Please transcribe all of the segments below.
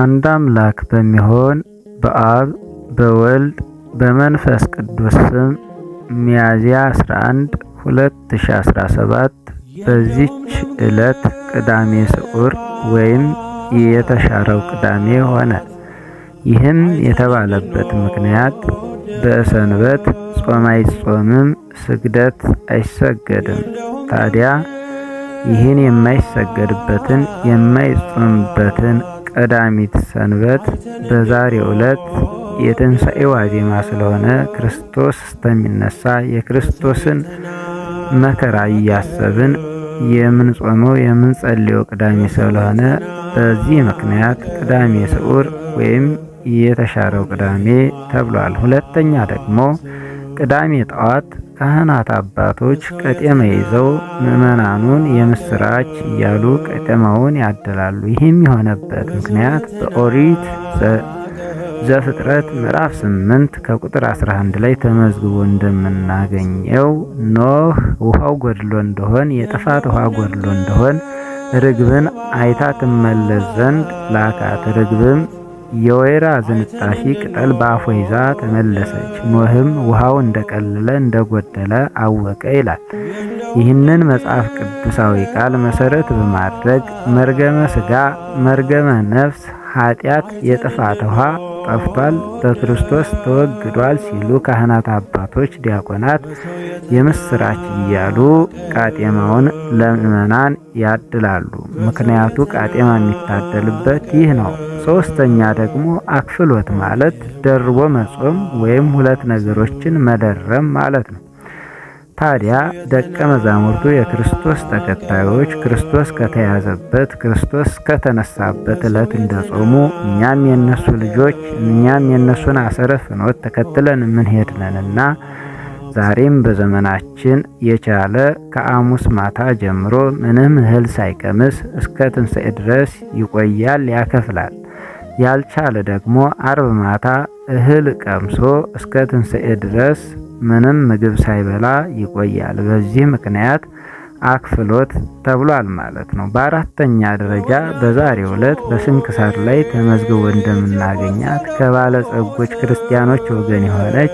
አንድ አምላክ በሚሆን በአብ በወልድ በመንፈስ ቅዱስ ስም ሚያዝያ 11 2017 በዚች ዕለት ቅዳሜ ስዑር ወይም የተሻረው ቅዳሜ ሆነ። ይህም የተባለበት ምክንያት በሰንበት ጾም አይጾምም፣ ስግደት አይሰገድም። ታዲያ ይህን የማይሰገድበትን የማይጾምበትን ቀዳሚት ሰንበት በዛሬው ዕለት የትንሣኤ ዋዜማ ስለሆነ ክርስቶስ እስከሚነሳ የክርስቶስን መከራ እያሰብን የምንጾመው የምንጸልየው ቅዳሜ ስለሆነ በዚህ ምክንያት ቅዳሜ ስዑር ወይም የተሻረው ቅዳሜ ተብሏል። ሁለተኛ ደግሞ ቅዳሜ ጠዋት ካህናት አባቶች ቀጤማ ይዘው ምእመናኑን የምስራች እያሉ ቀጤማውን ያደላሉ። ይህም የሆነበት ምክንያት በኦሪት ዘፍጥረት ምዕራፍ 8 ከቁጥር 11 ላይ ተመዝግቦ እንደምናገኘው ኖህ ውሃው ጎድሎ እንደሆን የጥፋት ውሃ ጎድሎ እንደሆን ርግብን አይታ ትመለስ ዘንድ ላካት። ርግብም የወይራ ዝንጣፊ ቅጠል በአፏ ይዛ ተመለሰች። ኖህም ውሃው እንደቀለለ እንደጎደለ አወቀ ይላል። ይህንን መጽሐፍ ቅዱሳዊ ቃል መሰረት በማድረግ መርገመ ስጋ፣ መርገመ ነፍስ፣ ኃጢአት፣ የጥፋት ውሃ ጠፍቷል፣ በክርስቶስ ተወግዷል ሲሉ ካህናት አባቶች፣ ዲያቆናት የምስራች እያሉ ቃጤማውን ለምእመናን ያድላሉ። ምክንያቱ ቃጤማ የሚታደልበት ይህ ነው። ሶስተኛ ደግሞ አክፍሎት ማለት ደርቦ መጾም ወይም ሁለት ነገሮችን መደረም ማለት ነው። ታዲያ ደቀ መዛሙርቱ የክርስቶስ ተከታዮች ክርስቶስ ከተያዘበት ክርስቶስ ከተነሳበት ዕለት እንደጾሙ እኛም የነሱ ልጆች እኛም የነሱን አሰረ ፍኖት ተከትለን የምንሄድ ነንና ዛሬም በዘመናችን የቻለ ከአሙስ ማታ ጀምሮ ምንም እህል ሳይቀምስ እስከ ትንሣኤ ድረስ ይቆያል፣ ያከፍላል። ያልቻለ ደግሞ አርብ ማታ እህል ቀምሶ እስከ ትንሣኤ ድረስ ምንም ምግብ ሳይበላ ይቆያል። በዚህ ምክንያት አክፍሎት ተብሏል ማለት ነው። በአራተኛ ደረጃ በዛሬው ዕለት በስንክሳር ላይ ተመዝግቦ እንደምናገኛት ከባለጸጎች ክርስቲያኖች ወገን የሆነች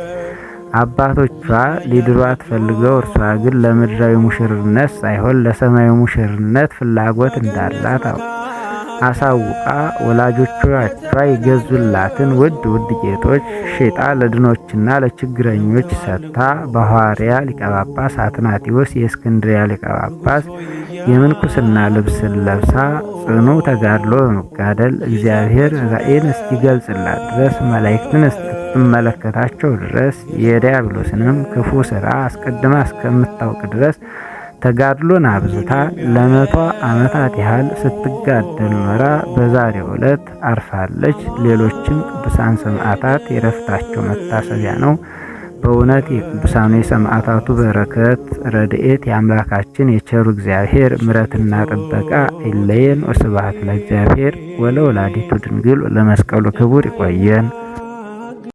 አባቶቿ ሊድሯት ፈልገው እርሷ ግን ለምድራዊ ሙሽርነት ሳይሆን ለሰማያዊ ሙሽርነት ፍላጎት እንዳላት አሳውቃ ወላጆቿ የገዙላትን ውድ ውድ ጌጦች ሽጣ ለድኖችና ለችግረኞች ሰጥታ በሐዋርያ ሊቀ ጳጳስ አትናቴዎስ የእስክንድሪያ ሊቀ ጳጳስ የምንኩስና ልብስን ለብሳ ጽኑ ተጋድሎ በመጋደል እግዚአብሔር ራእይን እስኪገልጽላት ድረስ መላእክትን እስክትመለከታቸው ድረስ የዲያብሎስንም ክፉ ሥራ አስቀድማ እስከምታውቅ ድረስ ተጋድሎን አብዝታ ለመቶ ዓመታት ያህል ስትጋደል ኖራ በዛሬው ዕለት አርፋለች። ሌሎችም ቅዱሳን ሰማዕታት የረፍታቸው መታሰቢያ ነው። በእውነት የቅዱሳኑ የሰማዕታቱ በረከት ረድኤት፣ የአምላካችን የቸሩ እግዚአብሔር ምረትና ጥበቃ ይለየን። ወስብሐት ለእግዚአብሔር ወለወላዲቱ ድንግል ለመስቀሉ ክቡር። ይቆየን።